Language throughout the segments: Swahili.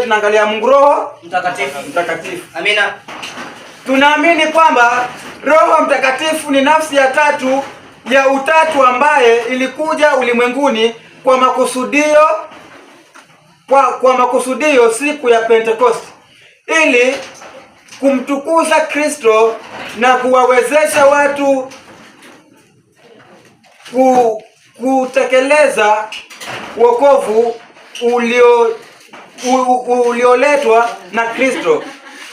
Tunaangalia Mungu Roho Mtakatifu. Mtakatifu. Amina. Tunaamini kwamba Roho Mtakatifu ni nafsi ya tatu ya utatu ambaye ilikuja ulimwenguni kwa makusudio kwa, kwa makusudio siku ya Pentekoste ili kumtukuza Kristo na kuwawezesha watu ku, kutekeleza wokovu ulio ulioletwa na Kristo.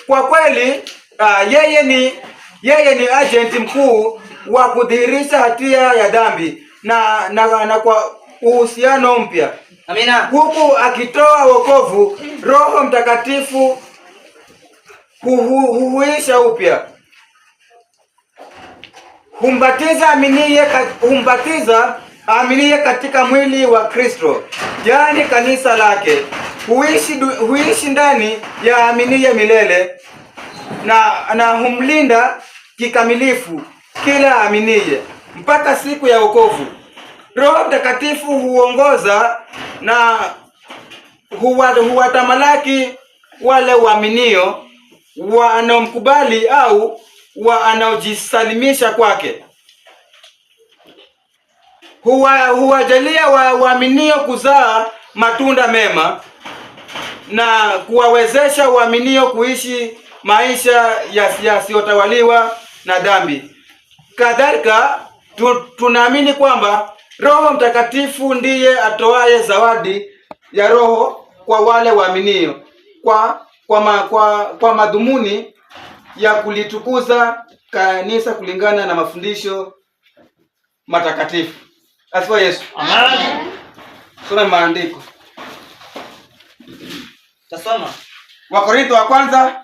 Kwa kweli uh, yeye ni yeye ni agenti mkuu wa kudhihirisha hatia ya dhambi na, na, na kwa uhusiano mpya, amina, huku akitoa wokovu. Roho Mtakatifu huhuisha upya, humbatiza aminiye, humbatiza aminiye katika mwili wa Kristo, yaani kanisa lake huishi, huishi ndani ya aminia milele na, na humlinda kikamilifu kila aminiye mpaka siku ya wokovu. Roho Mtakatifu huongoza na huwatamalaki wale waaminio wanaomkubali au wanaojisalimisha kwake. Huwajalia huwa waaminio kuzaa matunda mema na kuwawezesha waaminio kuishi maisha yasiyotawaliwa na dhambi. Kadhalika tu, tunaamini kwamba Roho Mtakatifu ndiye atoaye zawadi ya Roho kwa wale waaminio kwa kwa, ma, kwa kwa madhumuni ya kulitukuza kanisa kulingana na mafundisho matakatifu. Asifiwe Yesu. Amen. Soma maandiko. Tasoma Wakorintho wa kwanza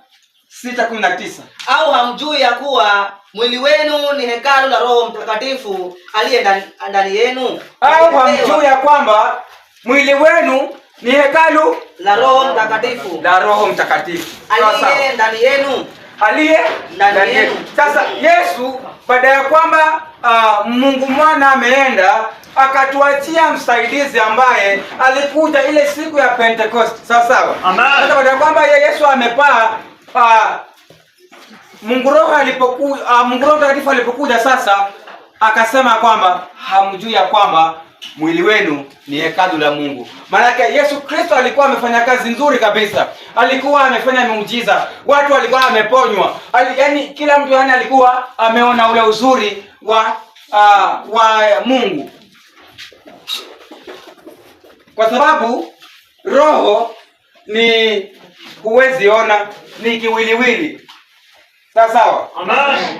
sita kumi na tisa au hamjui ya kuwa mwili wenu ni hekalu la Roho Mtakatifu aliye ndani yenu? Au hamjui ya kwamba mwili wenu ni hekalu la Roho Mtakatifu, la Roho Mtakatifu aliye ndani yenu, aliye ndani yenu. Sasa Yesu baada ya kwamba uh, Mungu mwana ameenda akatuachia msaidizi ambaye alikuja ile siku ya Pentecost. Sawa sawa. amen. kwamba ye Yesu amepaa uh, Mungu Roho alipokuja uh, Mungu Roho Mtakatifu alipokuja sasa akasema kwamba hamjui ya kwamba mwili wenu ni hekalu la Mungu. Maanake Yesu Kristo alikuwa amefanya kazi nzuri kabisa, alikuwa amefanya miujiza, watu walikuwa wameponywa, yaani kila mtu yani alikuwa ameona ule uzuri wa uh, wa Mungu kwa sababu roho ni huwezi ona, ni kiwiliwili. Sawa sawa,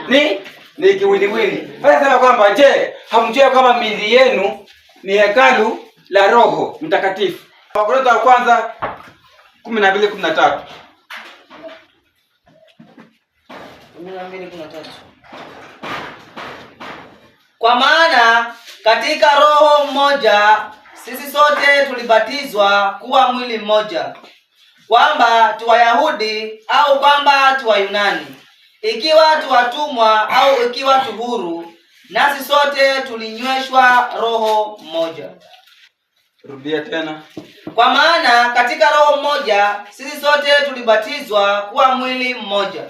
ni ni kiwiliwili. Sema kwamba je, hamjua kwamba miili yenu ni hekalu la Roho Mtakatifu? Wakorintho wa kwanza kumi na mbili kumi na tatu kwa maana katika roho mmoja sisi sote tulibatizwa kuwa mwili mmoja, kwamba tu Wayahudi au kwamba tu Wayunani, ikiwa tu watumwa au ikiwa tu huru, nasi sote tulinyweshwa roho mmoja. Rudia tena. Kwa maana katika roho mmoja sisi sote tulibatizwa kuwa mwili mmoja,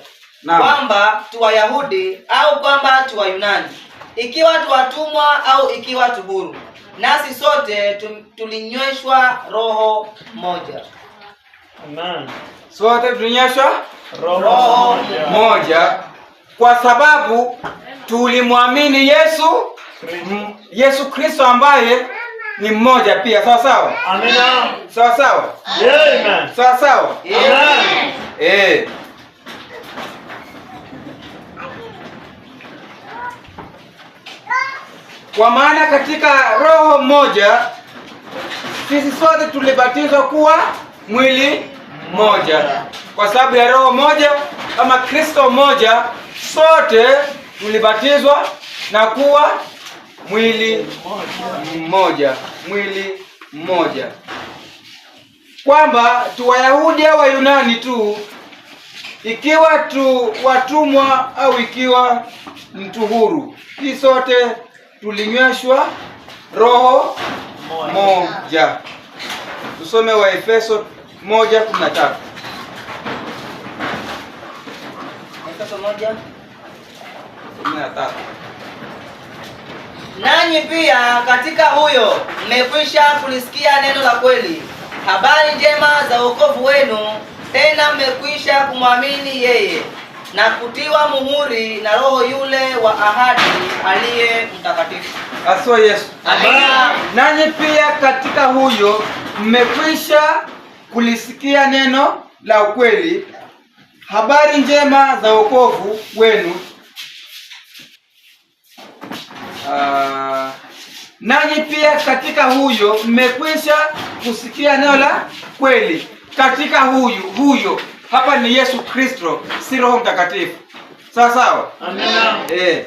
kwamba tu Wayahudi au kwamba tu Wayunani, ikiwa tu watumwa au ikiwa tu huru nasi sote tulinyweshwa roho moja. Amen. Sote tulinyweshwa roho, roho moja, moja kwa sababu tulimwamini Yesu Yesu Kristo ambaye ni mmoja pia, sawa sawa. Amina. Sawa sawa. Amen. Sawa sawa. Amen. Eh. Kwa maana katika roho mmoja sisi sote tulibatizwa kuwa mwili mmoja, kwa sababu ya roho moja, kama Kristo mmoja, sote tulibatizwa na kuwa mwili mmoja, mwili mmoja, kwamba tu Wayahudi au Wayunani tu, ikiwa tu watumwa au ikiwa mtu huru, hii sote tulinyweshwa roho moja. Tusome Waefeso 1:13. Nanyi pia katika huyo mmekwisha kulisikia neno la kweli, habari njema za wokovu wenu, tena mmekwisha kumwamini yeye na kutiwa muhuri na Roho yule wa ahadi aliye mtakatifu. Aswa Yesu. Amina. Nanyi pia katika huyo mmekwisha kulisikia neno la ukweli, habari njema za wokovu wenu. Uh, nanyi pia katika huyo mmekwisha kusikia neno la kweli, katika huyu huyo hapa ni Yesu Kristo, si Roho Mtakatifu. Sawa sawa, amen. Eh,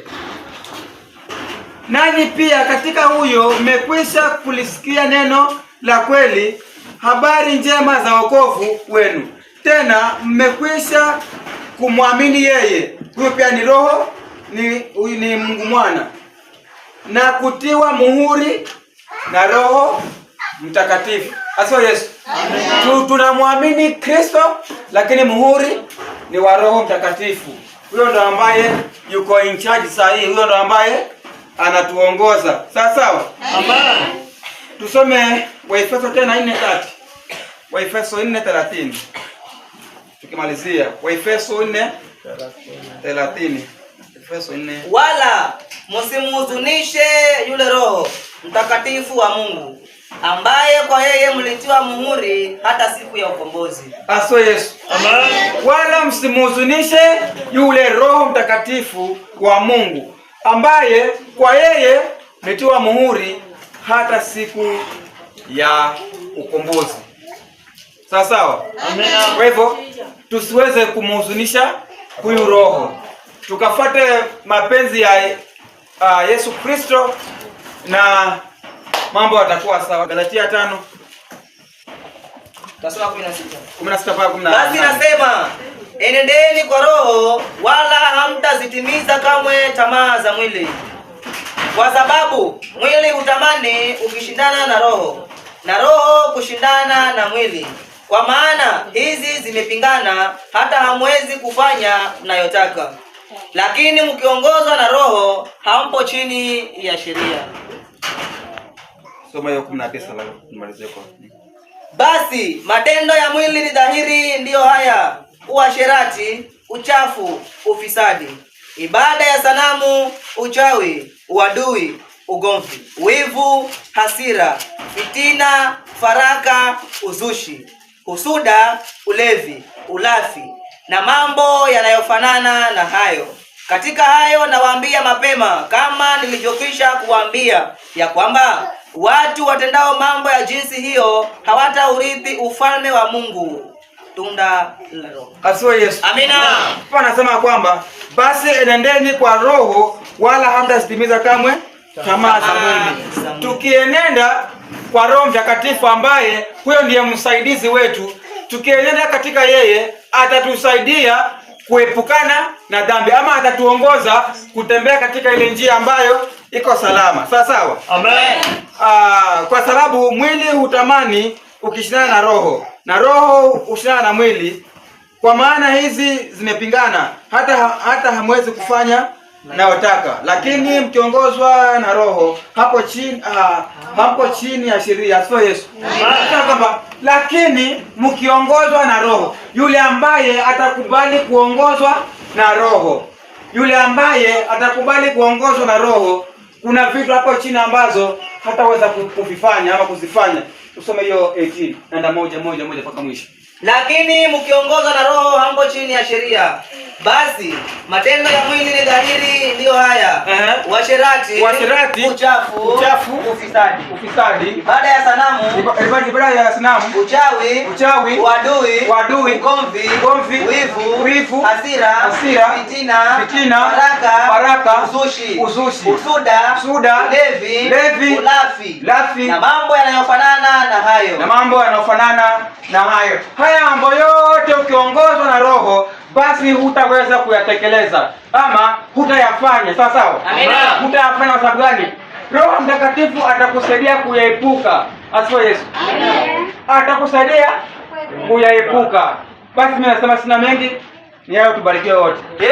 nanyi pia katika huyo mmekwisha kulisikia neno la kweli, habari njema za wokovu wenu, tena mmekwisha kumwamini yeye. Huyo pia ni Roho, ni ni Mungu Mwana, na kutiwa muhuri na Roho Mtakatifu, asio Yesu Tunamwamini Kristo, lakini muhuri ni wa Roho Mtakatifu. Huyo ndo ambaye yuko in charge sahihi, huyo ndo ambaye anatuongoza sawa sawa. Tusome Waefeso tena 4:30. Waefeso 4:30 tukimalizia, Waefeso 4:30. Efeso wala msimuhuzunishe yule Roho mtakatifu wa Mungu, ambaye kwa yeye mlitiwa muhuri hata siku ya ukombozi. Aso Yesu. Amen. Wala msimuzunishe yule Roho Mtakatifu wa Mungu, ambaye kwa yeye mlitiwa muhuri hata siku ya ukombozi. Sawa sawa. Kwa hivyo tusiweze kumuhuzunisha huyu Roho, tukafuate mapenzi ya uh, Yesu Kristo na mambo yatakuwa sawa. Galatia tano basi nasema enendeni kwa Roho, wala hamtazitimiza kamwe tamaa za mwili, kwa sababu mwili utamani ukishindana na Roho, na Roho kushindana na mwili, kwa maana hizi zimepingana, hata hamwezi kufanya mnayotaka lakini mkiongozwa na Roho hampo chini ya sheria. Soma hiyo kumi na tisa la kumalizia kwa. Basi matendo ya mwili ni dhahiri, ndiyo haya: uasherati, uchafu, ufisadi, ibada ya sanamu, uchawi, uadui, ugomvi, wivu, hasira, fitina, faraka, uzushi, husuda, ulevi, ulafi na mambo yanayofanana na hayo. Katika hayo nawaambia mapema, kama nilivyokwisha kuwaambia, ya kwamba watu watendao mambo ya jinsi hiyo hawataurithi ufalme wa Mungu. Tunda la Roho. Yesu. Amina. Hapa anasema kwamba basi enendeni kwa Roho, wala hamtazitimiza kamwe tamaa za mwili. Tukienenda kwa Roho Mtakatifu ambaye huyo ndiye msaidizi wetu, tukienenda katika yeye atatusaidia kuepukana na dhambi ama atatuongoza kutembea katika ile njia ambayo iko salama, sawa sawa. Amen. Ah, kwa sababu mwili hutamani ukishindana na roho na roho hushindana na mwili, kwa maana hizi zimepingana, hata hata hamwezi kufanya nayotaka lakini mkiongozwa na Roho hapo chini ah, hapo chini ya sheria sio Yesu. Kwamba lakini mkiongozwa na Roho, yule ambaye atakubali kuongozwa na Roho, yule ambaye atakubali kuongozwa na Roho, kuna vitu hapo chini ambazo hataweza kuvifanya ama kuzifanya. Usome hiyo 18 nenda moja moja moja mpaka mwisho. Lakini mkiongozwa na Roho hampo chini ya sheria basi matendo ya mwili ni dhahiri, ndio haya: uasherati, uchafu, uchafu, ufisadi, ufisadi, baada ya sanamu, ibada ya sanamu, uchawi, uchawi, uadui, uadui, ugomvi, ugomvi, wivu, wivu, hasira, hasira, fitina, fitina, baraka, baraka, uzushi, uzushi, usuda, usuda, levi, levi, ulafi, lafi, na mambo yanayofanana na hayo, na mambo yanayofanana na hayo. Haya mambo yote ukiongozwa na Roho basi hutaweza kuyatekeleza ama hutayafanya. Sawa sawa, hutayafanya. Kwa sababu gani? Roho Mtakatifu atakusaidia kuyaepuka, asifiwe Yesu, atakusaidia kuyaepuka. Basi mimi nasema sina mengi, ni hayo, tubarikiwe wote.